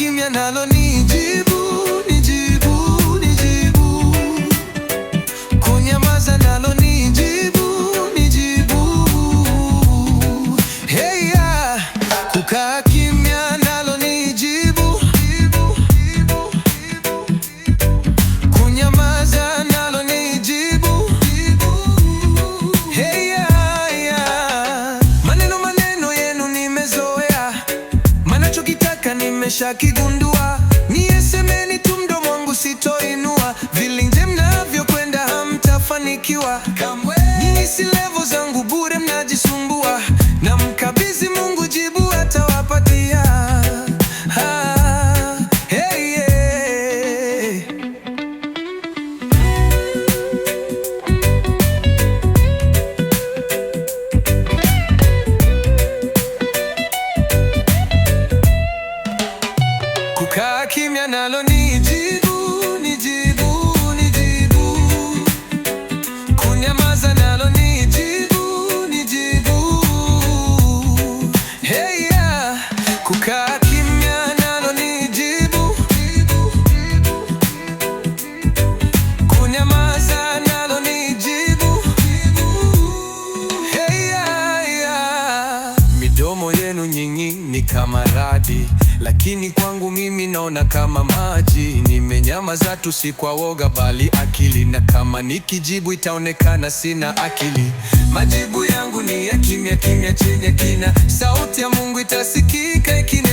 kimya nalo Mkishakigundua niye semeni tu, mdomo wangu sitoinua. Vilinje mnavyokwenda hamtafanikiwa kamwe, nyinyi si levo zangu bure mnajisungua. yanayo ni midomo yenu nyinyi ni kama radi, lakini kwangu mimi naona kama maji. Nimenyamaza tu, si kwa woga, bali akili, na kama nikijibu itaonekana sina akili. Majibu yangu ni ya kimya kimya, chenye kina, sauti ya Mungu itasikika ikina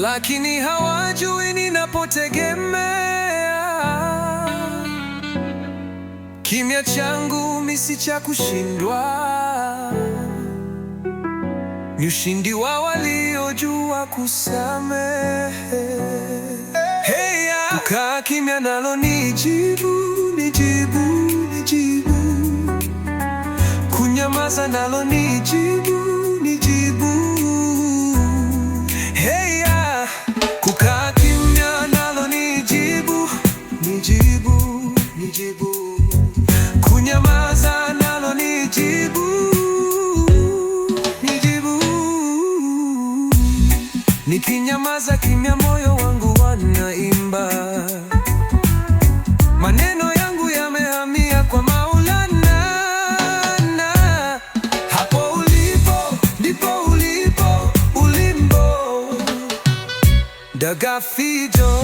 lakini hawajui ninapotegemea. Kimya changu mi si cha kushindwa, ni ushindi wa waliojua kusamehe. Hey, kukaa ah. kimya nalo jibu, ni jibu. kunyamaza nalo Nikinyamaza kimya, moyo wangu wanaimba, maneno yangu yamehamia kwa Maulana. Na hapo ulipo ndipo ulipo ulimbo, dagafijo